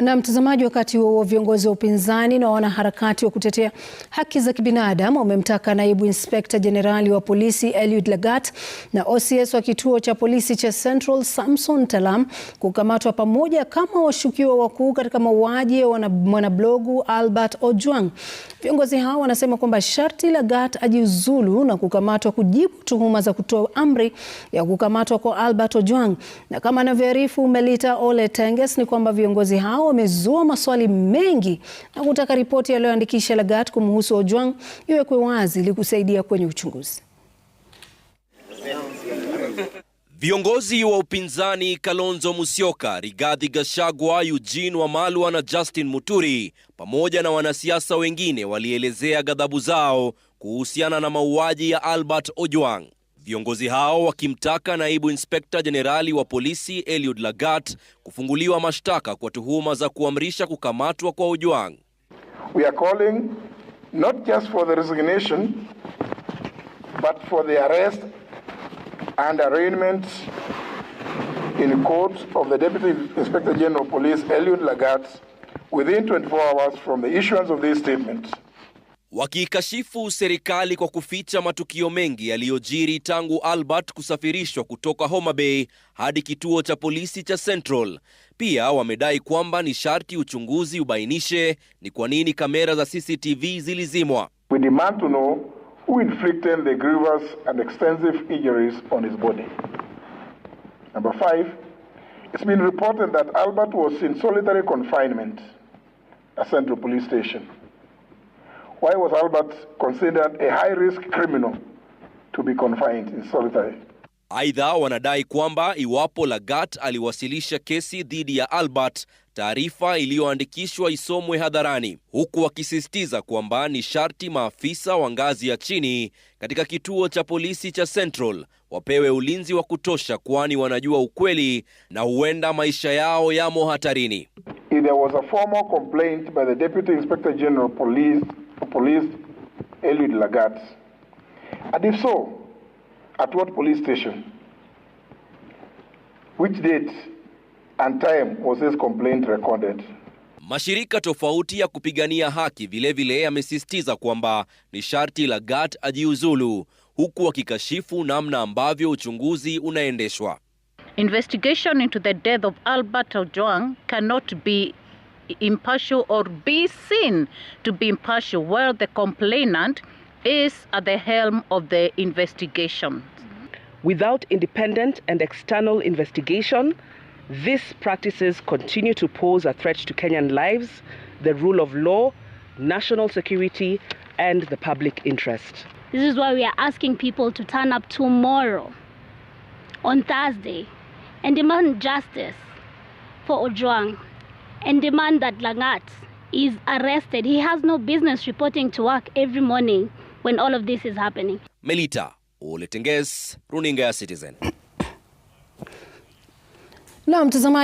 Na mtazamaji, wakati huo viongozi wa upinzani na wanaharakati wa kutetea haki za kibinadamu wamemtaka naibu inspekta jenerali wa polisi Eliud Lagat na OCS wa kituo cha polisi cha Central Samson Talam kukamatwa pamoja kama washukiwa wakuu katika mauaji ya mwanablogu Albert Ojwang. Viongozi hao wanasema kwamba sharti Lagat ajiuzulu na kukamatwa kujibu tuhuma za kutoa amri ya kukamatwa kwa Albert Ojwang. Na kama anavyoarifu Melita Ole Tenges ni kwamba viongozi hao wamezua maswali mengi na kutaka ripoti aliyoandikisha Lagat kumhusu Ojwang iwekwe wazi ili kusaidia kwenye uchunguzi. Viongozi wa upinzani Kalonzo Musyoka, Rigathi Gachagua, Eugene Wamalwa na Justin Muturi pamoja na wanasiasa wengine walielezea ghadhabu zao kuhusiana na mauaji ya Albert Ojwang. Viongozi hao wakimtaka naibu inspekta jenerali wa polisi Eliud Lagat kufunguliwa mashtaka kwa tuhuma za kuamrisha kukamatwa kwa Ojwang. We are calling not just for the resignation but for the arrest and arraignment in court of the deputy inspector general of police Eliud Lagat within 24 hours from the issuance of this statement wakiikashifu serikali kwa kuficha matukio mengi yaliyojiri tangu Albert kusafirishwa kutoka Homa Bay hadi kituo cha polisi cha Central. Pia wamedai kwamba ni sharti uchunguzi ubainishe ni kwa nini kamera za CCTV zilizimwa. We demand to know who inflicted the grievous and extensive injuries on his body. Number five, it's been reported that Albert was in solitary confinement at Central Police Station. Why was Albert considered a high risk criminal to be confined in solitary? Aidha, wanadai kwamba iwapo Lagat aliwasilisha kesi dhidi ya Albert, taarifa iliyoandikishwa isomwe hadharani, huku wakisisitiza kwamba ni sharti maafisa wa ngazi ya chini katika kituo cha polisi cha Central wapewe ulinzi wa kutosha, kwani wanajua ukweli na huenda maisha yao yamo hatarini if there was a formal complaint by the Deputy Inspector General Police, Police Eliud Lagat. And if so, at what police station? Which date and time was this complaint recorded? Mashirika tofauti ya kupigania haki vilevile yamesisitiza kwamba ni sharti Lagat ajiuzulu huku wakikashifu namna ambavyo uchunguzi unaendeshwa. Investigation into the death of Albert Ojwang cannot be impartial or be seen to be impartial while the complainant is at the helm of the investigation. Without independent and external investigation, these practices continue to pose a threat to Kenyan lives, the rule of law, national security, and the public interest. This is why we are asking people to turn up tomorrow, on Thursday, and demand justice for ojuang and demand that Langat is arrested. He has no business reporting to work every morning when all of this is happening. Melita Oletenges, runinga Citizen. Na mtazamaji